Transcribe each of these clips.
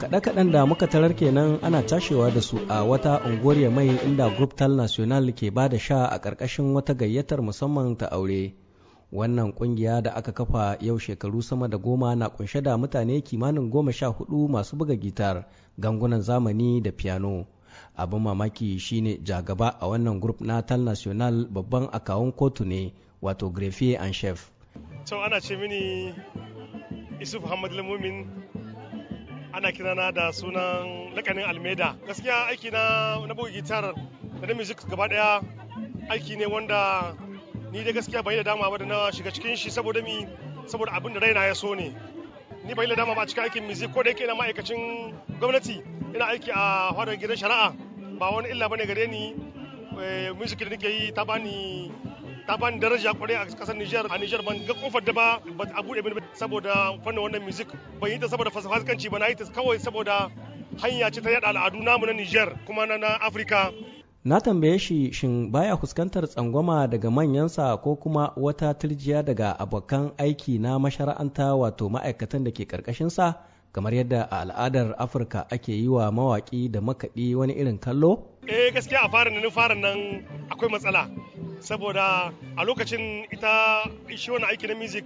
kaɗe-kaɗen da muka tarar kenan ana tashewa da su a wata unguwar mai inda tal National ke ba da sha a ƙarƙashin wata gayyatar musamman ta aure. Wannan ƙungiya da aka kafa yau shekaru sama da goma na kunshe da mutane kimanin goma sha hudu masu buga gitar, gangunan zamani da piano. Abin mamaki shine jagaba a wannan grup na Tal National babban akawun kotu ne wato greffier and chef to ana ce mini isuf hamad lamomin ana kirana da sunan lakanin almeda gaskiya aiki na na buga gitar da na music gaba daya aiki ne wanda ni da gaskiya bai da dama ba da na shiga cikin shi saboda mi saboda abin da raina ya so ne ni bai da dama ba cikin aikin music ko da yake ina ma'aikacin gwamnati ina aiki a fadar gidan shari'a ba wani illa bane gare ni eh, music da nake yi ta bani ta bani daraja kwarai a kasar Nijar a Nijar ban ga kofar da ba ba a bude mini saboda fannin wannan music ban yi ta saboda fasafaskanci ba na yi ta kawai saboda hanya ce ta yada al'adu namu na Nijar kuma na Afirka na tambaye shi shin baya fuskantar tsangwama daga manyansa ko kuma wata turjiya daga abokan aiki na mashara'anta wato ma'aikatan da ke karkashin sa kamar yadda a al'adar afirka ake yi wa mawaƙi da makaɗi wani irin kallo eh gaskiya a fara nan fara nan akwai matsala saboda a lokacin ita shi wani aiki na music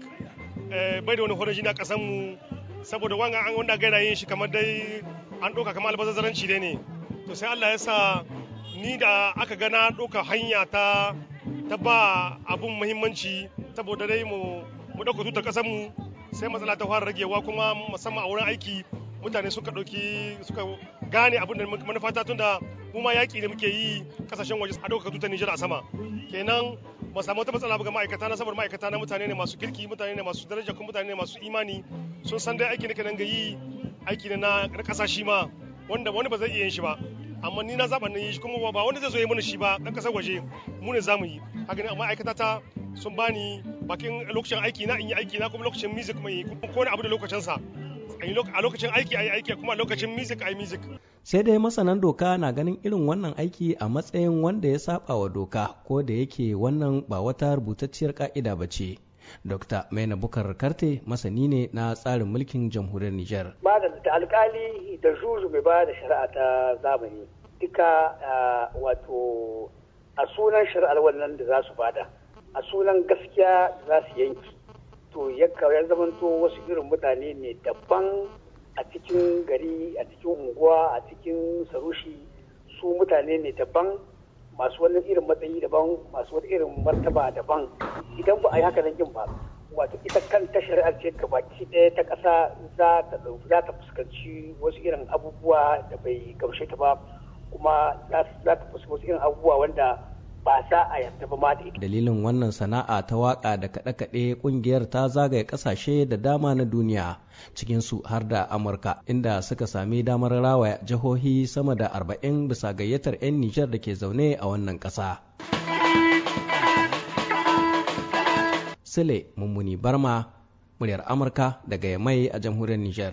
eh, bai da wani horon jini a mu saboda wanga an wanda gaira yin shi kamar dai an doka kamar albazazzaranci dai ne to sai Allah ya sa ni da aka gana doka hanya ta ta ba abun muhimmanci saboda dai mu mu ɗauka tutar kasan mu sai matsala ta fara ragewa kuma musamman a wurin aiki mutane suka ɗauki suka gane abin da manufa ta tunda kuma yaƙi da muke yi kasashen waje a ɗaukaka tutar Nijar a sama kenan ba samu wata matsala ga ma'aikata na saboda ma'aikata na mutane ne masu kirki mutane ne masu daraja kuma mutane ne masu imani sun san dai aiki ne kenan ga yi aiki na na ƙasa shi ma wanda wani ba zai iya yin shi ba amma ni na zaɓa na yi kuma ba wanda zai zo yi mana shi ba ɗan ƙasar waje mu ne za mu yi haka ne ma'aikata ta sun bani bakin lokacin aiki na in yi aiki na kuma lokacin music mai kuma kowane abu da lokacinsa a lokacin aiki aiki kuma lokacin music music sai dai masanan doka na ganin irin wannan aiki a matsayin wanda ya saba wa doka ko da yake wannan ba wata rubutacciyar ka'ida ba ce Dr. Maina Bukar Karte masani ne na tsarin mulkin jamhuriyar Nijar. Ba da alkali da juju mai ba da shari'a ta zamani duka wato a sunan shari'ar wannan da za su bada a sunan gaskiya za su yanki to ya zamanto wasu irin mutane ne daban a cikin gari a cikin unguwa a cikin sarushi su mutane ne daban masu wani irin matsayi daban masu wani irin martaba daban idan ba a yi haka nan ba wato ita kanta shari'ar ce gabaki ɗaya ta ƙasa za ta fuskanci wasu irin abubuwa da bai gamshe ta ba kuma za ta fuskanci wasu irin abubuwa wanda ba sa a yarda ba ita. Dalilin wannan sana'a ta waka da kaɗe-kaɗe ƙungiyar ta zagaye ƙasashe da dama na duniya cikin su har da Amurka inda suka sami damar rawa jihohi sama da arba'in bisa gayyatar 'yan Nijar da ke zaune a wannan ƙasa. sile Mummuni Barma, muryar Amurka daga Yamai a jamhuriyar Nijar.